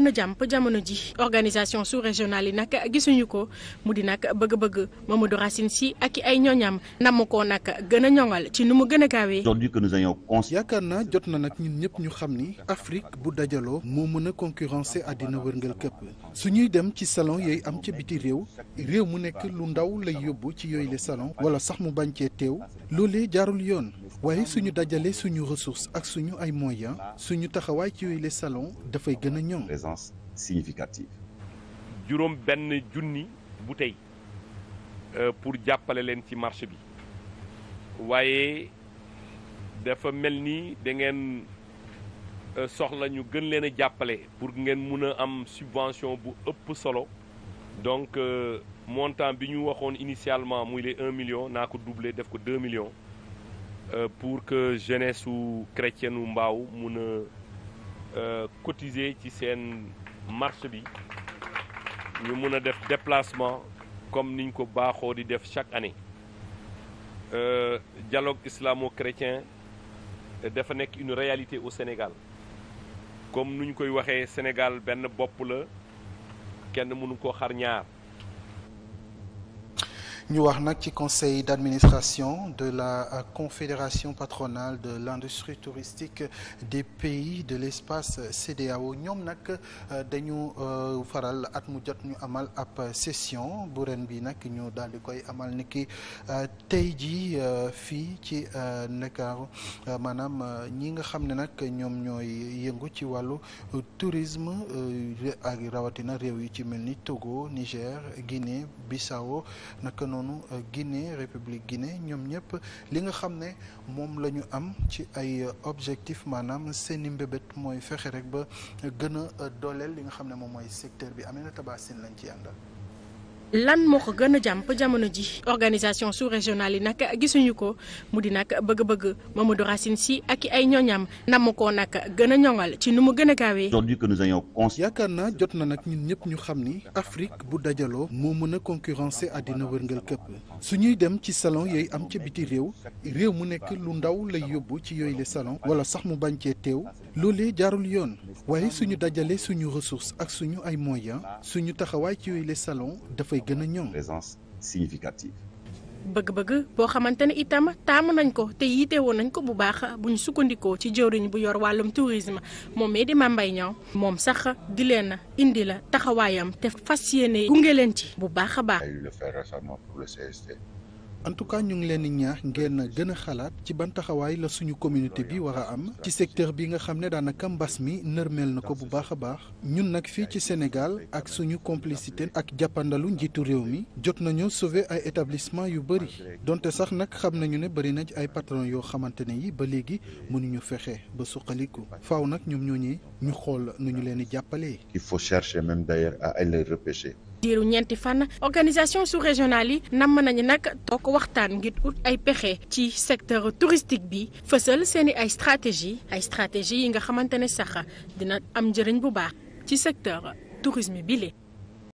gën a jàmp jamono ji organisation su régionale yi nag gisuñu ko mu di nag bëgg-bëgg Mamadou Racine si ak i ay ñooñam namm koo nag gën a ñoŋal ci nu mu gën a gaawee. yaakaar naa jot na nag ñun ñëpp ñu xam ni Afrique bu dajaloo moo mën a concurrencer àddina wërngal këpp su ñuy dem ci salon yooyu am ca biti réew réew mu nekk lu ndaw lay yóbbu ci yooyu le salon wala sax mu bañ cee teew loolee jaarul yoon. waaye suñu dajale suñu ressources ak suñu ay moyens suñu taxawaay ci yooyu les salons dafay gën a ñoŋ. présence significative. juróom benn junni tey euh, pour jàppale leen ci marché bi waaye dafa mel ni dangeen euh, soxla ñu gën leen a jàppale pour ngeen mun a am subvention bu ëpp solo donc euh, montant bi ñu waxoon initialement muy les un million naa ko doublé def ko deux millions. Euh, pour que jeunesse su chrétienne mbaaw mun a euh, cotiser ci seen marche bi ñu mun a def déplacement comme niñ ko baaxoo di def chaque année euh, dialogue islamo-chrétien dafa nekk une réalité au Sénégal comme nu ñu koy waxee Sénégal benn bopp la kenn mënu ko xar ñaar ñu wax nag ci conseil d'administration de la euh, confédération patronale de l'industrie touristique des pays de l'espace CEDEAO ñoom nag euh, dañu euh, faral at mu jot ñu amal ab session bu ren bi nag ñu daal di koy amal ni ki tey ji fii ci Ndakaaru maanaam ñi nga xam ne nag ñoom ñooy yëngu ci wàllu tourisme ak rawatina réew yi ci mel ni Togo Niger Guinée Bissau naka noonu noonu euh, Guinée République Guinée ñoom ñëpp li nga xam ne moom la ñu am ci ay euh, objectif maanaam seeni mbébét mooy fexe rek ba gën a euh, dooleel li nga xam ne moom mooy secteur bi amee Aminata Bassine lañ ci àndal lan moo ko gën a jàmp jamono ji organisation su régionale yi nag gisuñu ko mu di nag bëgg-bëgg Mamadou Racine si ak i ay ñoñam namm ko nag gën a ñoŋal ci nu mu gën a gaawee. yaakaar na jot na nag ñun ñëpp ñu xam ni Afrique bu dajaloo moo mën a concurrencer àddina wërngal këpp suñuy dem ci salon yooyu am ca biti réew réew mu nekk lu ndaw lay yóbbu ci yooyu le salon wala sax mu bañ cee teew loolee jaarul yoon waaye suñu dajale suñu ressources ak suñu ay moyens suñu taxawaay ci wele les dafay gën a ñoom. présence significative. bëgg-bëgg boo xamante ne itam taamu nañ ko te yiite woon nañ ko bu baax bu ñu sukkandikoo ci jëwriñ bu yor wàllum tourisme moom mee di Mame Mbaye moom sax di leen indi la taxawaayam te fas yéene gunge leen ci bu baax a baax. en tout cas ñu ngi leen di ñaax ngeen gën a xalaat ci ban taxawaay la suñu communauté bi war a am ci secteur bi nga xam ne daanaka mbas mi nërmeel na ko bu baax a baax ñun nag fii ci Sénégal ak suñu complicité ak jàppandalu njiitu réew mi jot nañu sauver ay établissement yu bëri donte sax nag xam nañu ne bëri na ci ay patron yoo xamante ne yi ba léegi mënuñu fexe ba suqaliku faw nag ñoom ñooñee ñu xool nu ñu leen di jàppalee. Il faut chercher même d'ailleurs à aller repêcher. diiru ñeenti fan organisation su régionale yi namm nañu nag took waxtaan ngir ut ay pexe ci secteur touristique bi fësal seeni ay stratégie ay stratégie yi nga xamante ne sax dina am njëriñ bu baax ci secteur tourisme bi lee